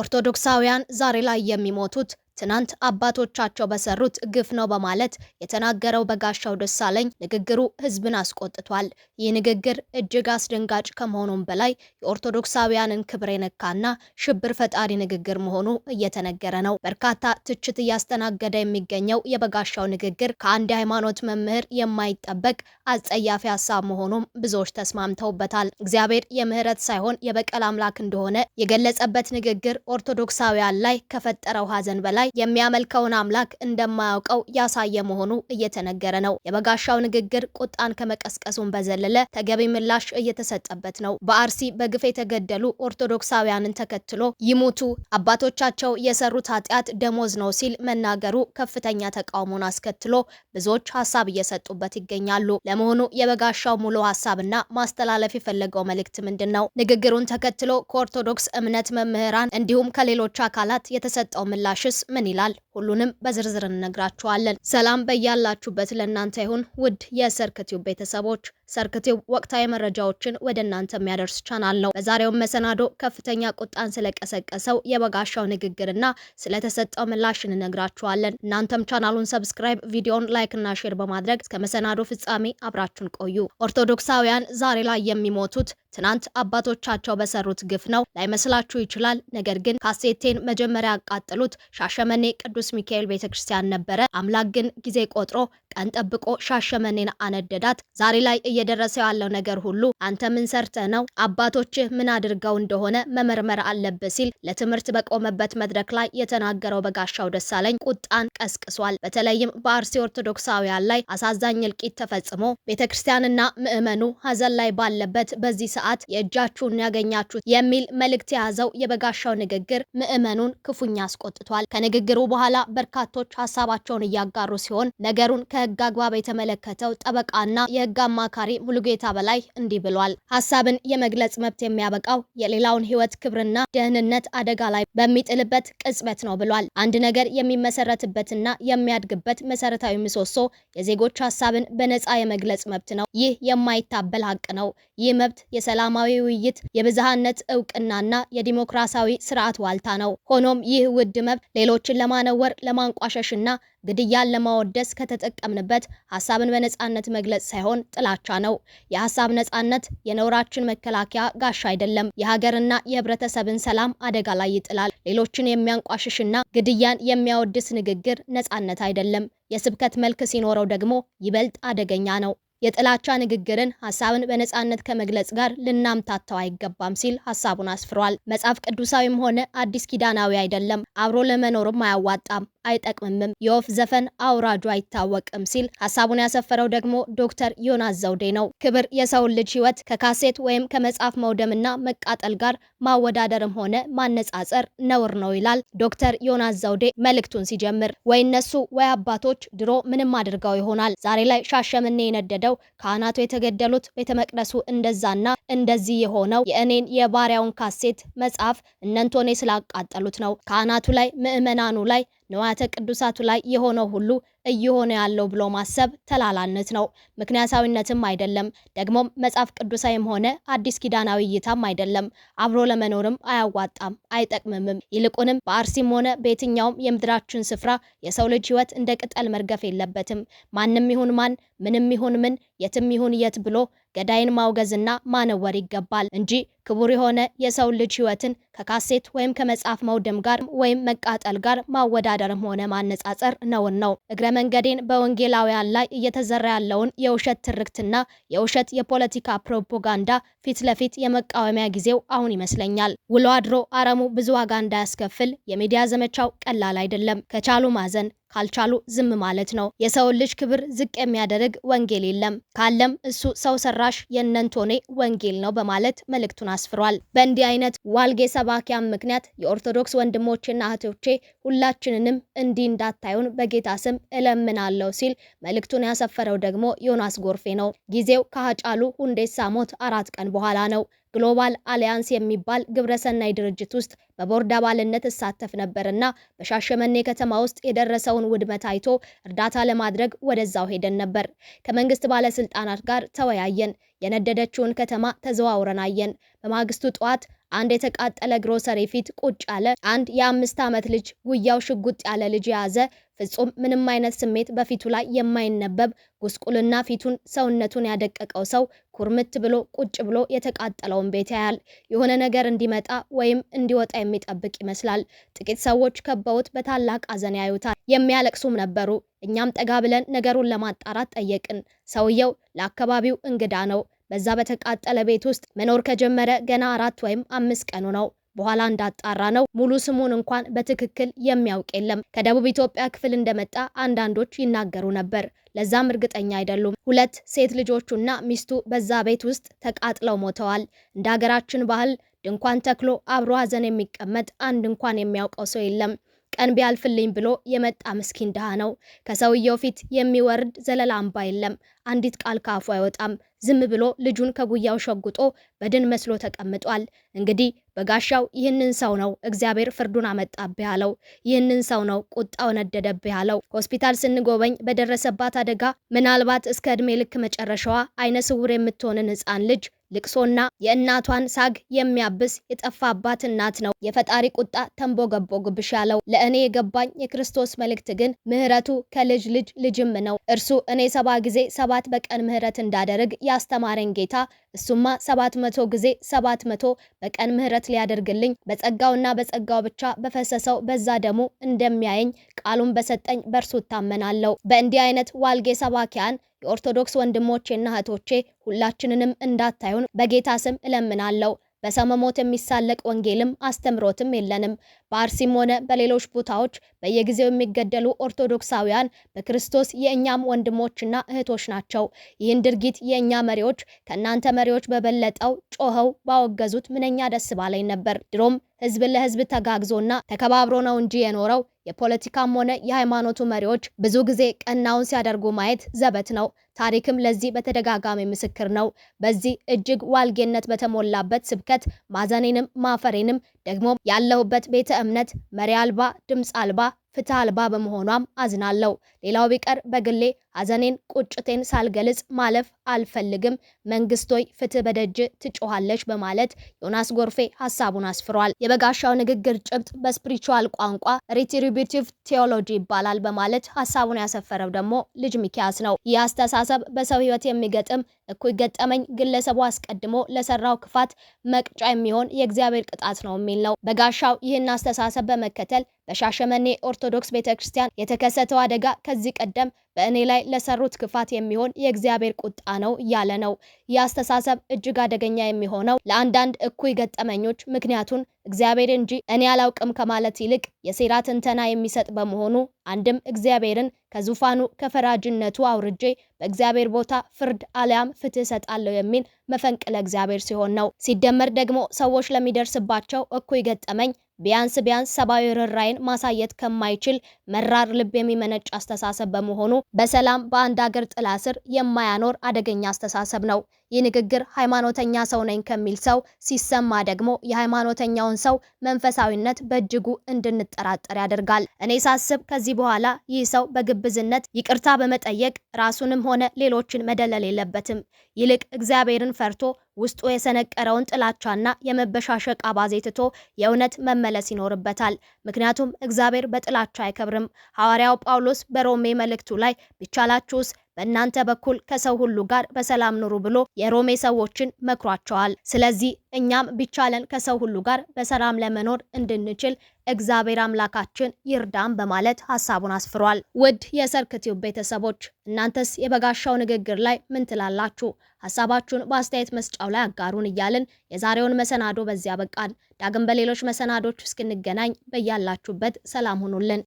ኦርቶዶክሳውያን ዛሬ ላይ የሚሞቱት ትናንት አባቶቻቸው በሰሩት ግፍ ነው በማለት የተናገረው በጋሻው ደሳለኝ ንግግሩ ህዝብን አስቆጥቷል። ይህ ንግግር እጅግ አስደንጋጭ ከመሆኑም በላይ የኦርቶዶክሳውያንን ክብር የነካና ሽብር ፈጣሪ ንግግር መሆኑ እየተነገረ ነው። በርካታ ትችት እያስተናገደ የሚገኘው የበጋሻው ንግግር ከአንድ የሃይማኖት መምህር የማይጠበቅ አጸያፊ ሀሳብ መሆኑም ብዙዎች ተስማምተውበታል። እግዚአብሔር የምህረት ሳይሆን የበቀል አምላክ እንደሆነ የገለጸበት ንግግር ኦርቶዶክሳውያን ላይ ከፈጠረው ሀዘን በላይ ላይ የሚያመልከውን አምላክ እንደማያውቀው ያሳየ መሆኑ እየተነገረ ነው። የበጋሻው ንግግር ቁጣን ከመቀስቀሱን በዘለለ ተገቢ ምላሽ እየተሰጠበት ነው። በአርሲ በግፍ የተገደሉ ኦርቶዶክሳውያንን ተከትሎ ይሙቱ አባቶቻቸው የሰሩት ኃጢአት ደሞዝ ነው ሲል መናገሩ ከፍተኛ ተቃውሞን አስከትሎ ብዙዎች ሀሳብ እየሰጡበት ይገኛሉ። ለመሆኑ የበጋሻው ሙሉ ሀሳብና ማስተላለፍ የፈለገው መልእክት ምንድን ነው? ንግግሩን ተከትሎ ከኦርቶዶክስ እምነት መምህራን እንዲሁም ከሌሎች አካላት የተሰጠው ምላሽስ ምን ይላል? ሁሉንም በዝርዝር እንነግራችኋለን። ሰላም በያላችሁበት ለእናንተ ይሁን ውድ የሰርክ ቲዩብ ቤተሰቦች ሰርክቲው ወቅታዊ መረጃዎችን ወደ እናንተ የሚያደርስ ቻናል ነው። በዛሬውም መሰናዶ ከፍተኛ ቁጣን ስለቀሰቀሰው የበጋሻው ንግግርና ስለተሰጠው ምላሽ እንነግራችኋለን። እናንተም ቻናሉን ሰብስክራይብ፣ ቪዲዮን ላይክ እና ሼር በማድረግ እስከ መሰናዶ ፍጻሜ አብራችሁን ቆዩ። ኦርቶዶክሳውያን ዛሬ ላይ የሚሞቱት ትናንት አባቶቻቸው በሰሩት ግፍ ነው። ላይመስላችሁ ይችላል። ነገር ግን ካሴቴን መጀመሪያ ያቃጠሉት ሻሸመኔ ቅዱስ ሚካኤል ቤተክርስቲያን ነበረ። አምላክ ግን ጊዜ ቆጥሮ ቀን ጠብቆ ሻሸመኔን አነደዳት። ዛሬ ላይ እየደረሰ ያለው ነገር ሁሉ አንተ ምን ሰርተ ነው አባቶችህ ምን አድርገው እንደሆነ መመርመር አለብህ ሲል ለትምህርት በቆመበት መድረክ ላይ የተናገረው በጋሻው ደሳለኝ ቁጣን ቀስቅሷል። በተለይም በአርሲ ኦርቶዶክሳውያን ላይ አሳዛኝ እልቂት ተፈጽሞ ቤተክርስቲያንና ምዕመኑ ሀዘን ላይ ባለበት በዚህ ሰዓት የእጃችሁን ያገኛችሁት የሚል መልእክት የያዘው የበጋሻው ንግግር ምዕመኑን ክፉኛ አስቆጥቷል። ከንግግሩ በኋላ በርካቶች ሀሳባቸውን እያጋሩ ሲሆን ነገሩን ከህግ አግባብ የተመለከተው ጠበቃና የህግ አማካሪ ተናጋሪ ሙሉጌታ በላይ እንዲህ ብሏል። ሀሳብን የመግለጽ መብት የሚያበቃው የሌላውን ህይወት ክብርና ደህንነት አደጋ ላይ በሚጥልበት ቅጽበት ነው ብሏል። አንድ ነገር የሚመሰረትበትና የሚያድግበት መሰረታዊ ምሰሶ የዜጎች ሀሳብን በነጻ የመግለጽ መብት ነው። ይህ የማይታበል ሀቅ ነው። ይህ መብት የሰላማዊ ውይይት፣ የብዝሃነት እውቅናና የዲሞክራሲያዊ ስርዓት ዋልታ ነው። ሆኖም ይህ ውድ መብት ሌሎችን ለማነወር ለማንቋሸሽና ግድያን ለማወደስ ከተጠቀምንበት ሀሳብን በነጻነት መግለጽ ሳይሆን ጥላቻ ነው። የሀሳብ ነጻነት የነውራችን መከላከያ ጋሻ አይደለም። የሀገርና የህብረተሰብን ሰላም አደጋ ላይ ይጥላል። ሌሎችን የሚያንቋሽሽና ግድያን የሚያወድስ ንግግር ነጻነት አይደለም። የስብከት መልክ ሲኖረው ደግሞ ይበልጥ አደገኛ ነው። የጥላቻ ንግግርን ሀሳብን በነጻነት ከመግለጽ ጋር ልናምታተው አይገባም ሲል ሀሳቡን አስፍሯል። መጽሐፍ ቅዱሳዊም ሆነ አዲስ ኪዳናዊ አይደለም፣ አብሮ ለመኖርም አያዋጣም። አይጠቅምምም የወፍ ዘፈን አውራጁ አይታወቅም ሲል ሀሳቡን ያሰፈረው ደግሞ ዶክተር ዮናስ ዘውዴ ነው። ክብር የሰውን ልጅ ህይወት ከካሴት ወይም ከመጽሐፍ መውደምና መቃጠል ጋር ማወዳደርም ሆነ ማነጻጸር ነውር ነው ይላል ዶክተር ዮናስ ዘውዴ መልእክቱን ሲጀምር። ወይ እነሱ ወይ አባቶች ድሮ ምንም አድርገው ይሆናል ዛሬ ላይ ሻሸመኔ የነደደው ካህናቱ የተገደሉት ቤተ መቅደሱ እንደዛና እንደዚህ የሆነው የእኔን የባሪያውን ካሴት መጽሐፍ እነንቶኔ ስላቃጠሉት ነው ካህናቱ ላይ ምእመናኑ ላይ ንዋተ ቅዱሳቱ ላይ የሆነው ሁሉ እየሆነ ያለው ብሎ ማሰብ ተላላነት ነው፣ ምክንያታዊነትም አይደለም። ደግሞም መጽሐፍ ቅዱሳዊም ሆነ አዲስ ኪዳናዊ እይታም አይደለም። አብሮ ለመኖርም አያዋጣም፣ አይጠቅምምም። ይልቁንም በአርሲም ሆነ በየትኛውም የምድራችን ስፍራ የሰው ልጅ ህይወት እንደ ቅጠል መርገፍ የለበትም። ማንም ይሁን ማን፣ ምንም ይሁን ምን፣ የትም ይሁን የት ብሎ ገዳይን ማውገዝና ማነወር ይገባል እንጂ ክቡር የሆነ የሰው ልጅ ህይወትን ከካሴት ወይም ከመጽሐፍ መውደም ጋር ወይም መቃጠል ጋር ማወዳደርም ሆነ ማነጻጸር ነውን ነው። እግረ መንገዴን በወንጌላውያን ላይ እየተዘራ ያለውን የውሸት ትርክትና የውሸት የፖለቲካ ፕሮፓጋንዳ ፊት ለፊት የመቃወሚያ ጊዜው አሁን ይመስለኛል። ውሎ አድሮ አረሙ ብዙ ዋጋ እንዳያስከፍል የሚዲያ ዘመቻው ቀላል አይደለም። ከቻሉ ማዘን ካልቻሉ ዝም ማለት ነው። የሰውን ልጅ ክብር ዝቅ የሚያደርግ ወንጌል የለም፣ ካለም እሱ ሰው ሰራሽ የእነንቶኔ ወንጌል ነው በማለት መልእክቱን አስፍሯል። በእንዲህ አይነት ዋልጌ ሰባኪያን ምክንያት የኦርቶዶክስ ወንድሞቼና እህቶቼ ሁላችንንም እንዲህ እንዳታዩን በጌታ ስም እለምናለሁ ሲል መልእክቱን ያሰፈረው ደግሞ ዮናስ ጎርፌ ነው። ጊዜው ከሀጫሉ ሁንዴሳ ሞት አራት ቀን በኋላ ነው። ግሎባል አሊያንስ የሚባል ግብረሰናይ ድርጅት ውስጥ በቦርድ አባልነት እሳተፍ ነበርና በሻሸመኔ ከተማ ውስጥ የደረሰውን ውድመት አይቶ እርዳታ ለማድረግ ወደዛው ሄደን ነበር። ከመንግስት ባለስልጣናት ጋር ተወያየን። የነደደችውን ከተማ ተዘዋውረን አየን። በማግስቱ ጠዋት አንድ የተቃጠለ ግሮሰሪ ፊት ቁጭ ያለ አንድ የአምስት ዓመት ልጅ ጉያው ሽጉጥ ያለ ልጅ የያዘ ፍጹም ምንም አይነት ስሜት በፊቱ ላይ የማይነበብ ጉስቁልና ፊቱን ሰውነቱን ያደቀቀው ሰው ኩርምት ብሎ ቁጭ ብሎ የተቃጠለውን ቤት ያያል። የሆነ ነገር እንዲመጣ ወይም እንዲወጣ የሚጠብቅ ይመስላል። ጥቂት ሰዎች ከበውት በታላቅ አዘን ያዩታል። የሚያለቅሱም ነበሩ። እኛም ጠጋ ብለን ነገሩን ለማጣራት ጠየቅን። ሰውየው ለአካባቢው እንግዳ ነው። በዛ በተቃጠለ ቤት ውስጥ መኖር ከጀመረ ገና አራት ወይም አምስት ቀኑ ነው። በኋላ እንዳጣራ ነው ሙሉ ስሙን እንኳን በትክክል የሚያውቅ የለም። ከደቡብ ኢትዮጵያ ክፍል እንደመጣ አንዳንዶች ይናገሩ ነበር። ለዛም እርግጠኛ አይደሉም። ሁለት ሴት ልጆቹና ሚስቱ በዛ ቤት ውስጥ ተቃጥለው ሞተዋል። እንደ ሀገራችን ባህል ድንኳን ተክሎ አብሮ ሀዘን የሚቀመጥ አንድ እንኳን የሚያውቀው ሰው የለም። ቀን ቢያልፍልኝ ብሎ የመጣ ምስኪን ድሃ ነው። ከሰውየው ፊት የሚወርድ ዘለላ አምባ የለም። አንዲት ቃል ከአፉ አይወጣም። ዝም ብሎ ልጁን ከጉያው ሸጉጦ በድን መስሎ ተቀምጧል። እንግዲህ በጋሻው ይህንን ሰው ነው እግዚአብሔር ፍርዱን አመጣብህ አለው። ይህንን ሰው ነው ቁጣው ነደደብህ አለው። ሆስፒታል ስንጎበኝ በደረሰባት አደጋ ምናልባት እስከ ዕድሜ ልክ መጨረሻዋ አይነ ስውር የምትሆንን ህፃን ልጅ ልቅሶና የእናቷን ሳግ የሚያብስ የጠፋባት እናት ነው። የፈጣሪ ቁጣ ተንቦገቦግብሽ ያለው ለእኔ የገባኝ የክርስቶስ መልእክት ግን ምሕረቱ ከልጅ ልጅ ልጅም ነው። እርሱ እኔ ሰባ ጊዜ ሰባት በቀን ምሕረት እንዳደርግ ያስተማረኝ ጌታ እሱማ ሰባት መቶ ጊዜ ሰባት መቶ በቀን ምሕረት ሊያደርግልኝ በጸጋውና በጸጋው ብቻ በፈሰሰው በዛ ደሙ እንደሚያየኝ ቃሉን በሰጠኝ በእርሱ እታመናለሁ። በእንዲህ አይነት ዋልጌ ሰባኪያን የኦርቶዶክስ ወንድሞቼና እህቶቼ ሁላችንንም እንዳታዩን በጌታ ስም እለምናለሁ። በሰመሞት የሚሳለቅ ወንጌልም አስተምሮትም የለንም። በአርሲም ሆነ በሌሎች ቦታዎች በየጊዜው የሚገደሉ ኦርቶዶክሳውያን በክርስቶስ የእኛም ወንድሞችና እህቶች ናቸው። ይህን ድርጊት የእኛ መሪዎች ከእናንተ መሪዎች በበለጠው ጮኸው ባወገዙት ምንኛ ደስ ባለኝ ነበር። ድሮም ህዝብ ለህዝብ ተጋግዞና ተከባብሮ ነው እንጂ የኖረው። የፖለቲካም ሆነ የሃይማኖቱ መሪዎች ብዙ ጊዜ ቀናውን ሲያደርጉ ማየት ዘበት ነው። ታሪክም ለዚህ በተደጋጋሚ ምስክር ነው። በዚህ እጅግ ዋልጌነት በተሞላበት ስብከት ማዘኔንም ማፈሬንም ደግሞ ያለሁበት ቤተ እምነት መሪ አልባ፣ ድምፅ አልባ፣ ፍትህ አልባ በመሆኗም አዝናለሁ። ሌላው ቢቀር በግሌ ሐዘኔን ቁጭቴን ሳልገልጽ ማለፍ አልፈልግም። መንግስቶይ ፍትህ በደጅ ትጮኋለች በማለት ዮናስ ጎርፌ ሀሳቡን አስፍሯል። የበጋሻው ንግግር ጭብጥ በስፒሪቹዋል ቋንቋ ሪትሪቢቲቭ ቴዎሎጂ ይባላል በማለት ሀሳቡን ያሰፈረው ደግሞ ልጅ ሚኪያስ ነው። ይህ አስተሳሰብ በሰው ህይወት የሚገጥም እኩይ ገጠመኝ ግለሰቡ አስቀድሞ ለሰራው ክፋት መቅጫ የሚሆን የእግዚአብሔር ቅጣት ነው የሚል ነው። በጋሻው ይህን አስተሳሰብ በመከተል በሻሸመኔ ኦርቶዶክስ ቤተክርስቲያን የተከሰተው አደጋ ከዚህ ቀደም በእኔ ላይ ለሰሩት ክፋት የሚሆን የእግዚአብሔር ቁጣ ነው ያለ ነው። ይህ አስተሳሰብ እጅግ አደገኛ የሚሆነው ለአንዳንድ እኩይ ገጠመኞች ምክንያቱን እግዚአብሔር እንጂ እኔ አላውቅም ከማለት ይልቅ የሴራ ትንተና የሚሰጥ በመሆኑ አንድም እግዚአብሔርን ከዙፋኑ ከፈራጅነቱ አውርጄ በእግዚአብሔር ቦታ ፍርድ አልያም ፍትህ እሰጣለሁ የሚል መፈንቅለ እግዚአብሔር ሲሆን ነው። ሲደመር ደግሞ ሰዎች ለሚደርስባቸው እኩይ ገጠመኝ ቢያንስ ቢያንስ ሰብአዊ ርኅራኄን ማሳየት ከማይችል መራር ልብ የሚመነጭ አስተሳሰብ በመሆኑ በሰላም በአንድ አገር ጥላ ስር የማያኖር አደገኛ አስተሳሰብ ነው። ይህ ንግግር ሃይማኖተኛ ሰው ነኝ ከሚል ሰው ሲሰማ ደግሞ የሃይማኖተኛውን ሰው መንፈሳዊነት በእጅጉ እንድንጠራጠር ያደርጋል። እኔ ሳስብ ከዚህ በኋላ ይህ ሰው በግብዝነት ይቅርታ በመጠየቅ ራሱንም ሆነ ሌሎችን መደለል የለበትም። ይልቅ እግዚአብሔርን ፈርቶ ውስጡ የሰነቀረውን ጥላቻና የመበሻሸቅ አባዜ ትቶ የእውነት መመለስ ይኖርበታል። ምክንያቱም እግዚአብሔር በጥላቻ አይከብርም። ሐዋርያው ጳውሎስ በሮሜ መልእክቱ ላይ ቢቻላችሁስ በእናንተ በኩል ከሰው ሁሉ ጋር በሰላም ኑሩ ብሎ የሮሜ ሰዎችን መክሯቸዋል። ስለዚህ እኛም ቢቻለን ከሰው ሁሉ ጋር በሰላም ለመኖር እንድንችል እግዚአብሔር አምላካችን ይርዳም በማለት ሀሳቡን አስፍሯል። ውድ የሰርክቲው ቤተሰቦች እናንተስ የበጋሻው ንግግር ላይ ምን ትላላችሁ? ሀሳባችሁን በአስተያየት መስጫው ላይ አጋሩን እያልን የዛሬውን መሰናዶ በዚያ ያበቃል። ዳግም በሌሎች መሰናዶች እስክንገናኝ በያላችሁበት ሰላም ሁኑልን።